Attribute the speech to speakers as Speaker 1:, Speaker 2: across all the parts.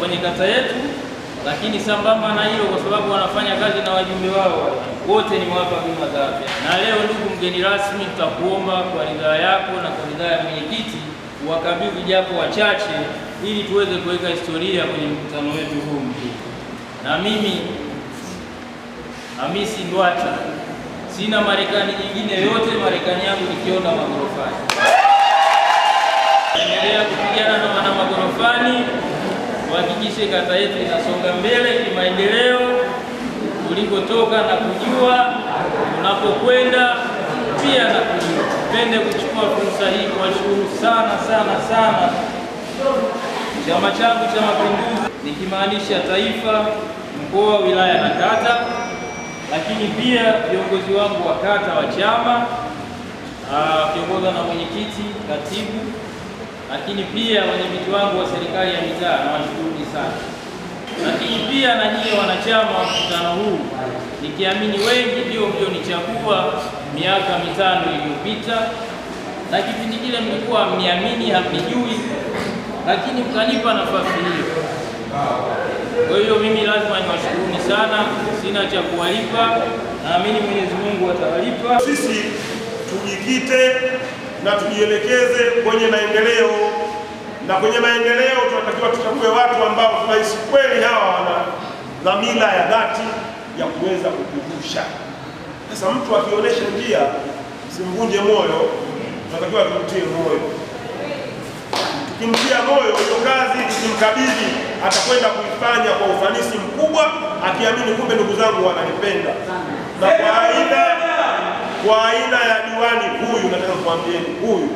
Speaker 1: kwenye kata yetu, lakini sambamba na hilo, kwa sababu wanafanya kazi na wajumbe wao wote ni wapa bima za afya. Na leo, ndugu mgeni rasmi, tutakuomba kwa ridhaa yako na kwa ridhaa ya mwenyekiti uwakabidhi japo wachache, ili tuweze kuweka historia kwenye mkutano wetu huu mkuu. Na mimi Hamisi Ndwata sina Marekani nyingine yote, Marekani yangu nikiona magorofani. Endelea kupigana na wana magorofani tuhakikishe kata yetu inasonga mbele kimaendeleo tulikotoka na kujua tunapokwenda pia na kujua. Tupende kuchukua fursa hii kuwashukuru sana sana sana chama changu cha Mapinduzi, nikimaanisha taifa, mkoa, wilaya na kata, lakini pia viongozi wangu wa kata wa chama akiongozwa ah, na mwenyekiti, katibu lakini pia wenyeviti wangu wa serikali ya mitaa nawashukuruni sana, lakini pia na nyie wanachama wa mkutano huu, nikiamini wengi ndio mlionichagua miaka mitano iliyopita, na kipindi kile mlikuwa mniamini hamnijui, lakini mkanipa nafasi hiyo. Kwa hiyo mimi lazima niwashukuruni sana, sina cha kuwalipa, naamini Mwenyezi Mungu atawalipa.
Speaker 2: Sisi tujikite na tujielekeze kwenye maendeleo, na kwenye maendeleo tunatakiwa tuchague watu ambao tunahisi kweli hawa wana dhamira ya dhati ya kuweza kukuvusha. Sasa mtu akionyesha njia, simvunje moyo, tunatakiwa tumtie moyo. Tukimtia moyo, hiyo kazi tukimkabidhi, atakwenda kuifanya kwa ufanisi mkubwa, akiamini kumbe ndugu zangu wananipenda kwa aina ya diwani huyu, nataka kuambieni huyu,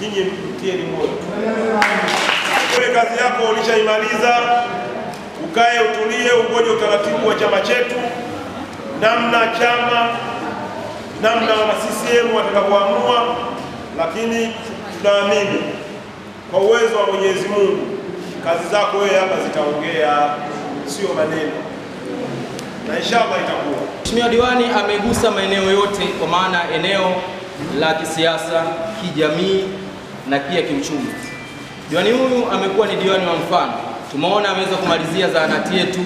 Speaker 2: nyinyi mtieni moyo. kwa kazi yako ulishaimaliza, ukae utulie, ungoje utaratibu wa chama chetu, namna chama namna wana CCM watakapoamua, lakini tunaamini kwa uwezo wa Mwenyezi Mungu kazi zako wewe hapa zitaongea, sio maneno na inshallah itakuwa.
Speaker 1: Mheshimiwa diwani amegusa maeneo yote, kwa maana eneo la kisiasa, kijamii na pia kiuchumi. Diwani huyu amekuwa ni diwani wa mfano. Tumeona ameweza kumalizia zahanati yetu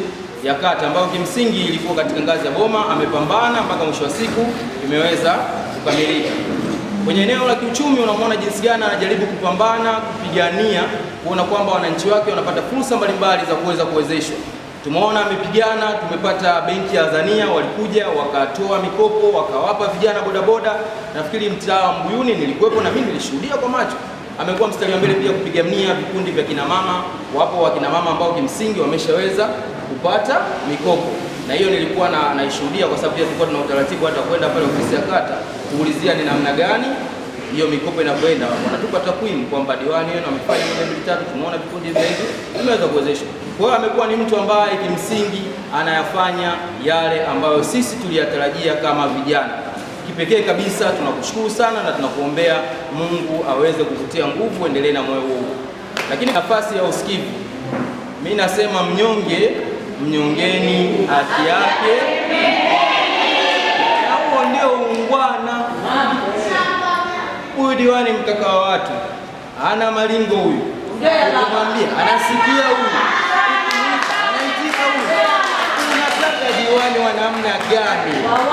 Speaker 1: ya kata ambayo kimsingi ilikuwa katika ngazi ya boma, amepambana mpaka mwisho wa siku imeweza kukamilika. Kwenye eneo la kiuchumi, unamwona jinsi gani anajaribu kupambana, kupigania kuona kwamba wananchi wake wanapata fursa mbalimbali za kuweza kuwezeshwa. Tumeona amepigana, tumepata benki ya Azania walikuja wakatoa mikopo wakawapa vijana bodaboda. Nafikiri mtaa wa Mbuyuni nilikuwepo na mimi nilishuhudia kwa macho. Amekuwa mstari wa mbele pia kupigania vikundi vya kina mama. Wapo mama ambao kimsingi wameshaweza kupata mikopo, na hiyo nilikuwa na naishuhudia kwa sababu tulikuwa tuna utaratibu hata kwenda pale ofisi ya kata kuulizia ni namna gani hiyo mikopo inakwenda, Wanatupa takwimu kwamba diwani wenu wamefanya milioni 3. Tumeona vikundi vingi vimeweza kuwezeshwa. Kwa hiyo amekuwa ni mtu ambaye kimsingi anayafanya yale ambayo sisi tuliyatarajia kama vijana. Kipekee kabisa tunakushukuru sana na tunakuombea Mungu aweze kuvutia nguvu, endelee na moyo huu. Lakini nafasi ya usikivu, mimi nasema mnyonge mnyongeni haki yake, au ndio uungwana. Huyu diwani mkaka wa watu, ana malingo huyu, kumwambia anasikia huyu ni wa namna gani?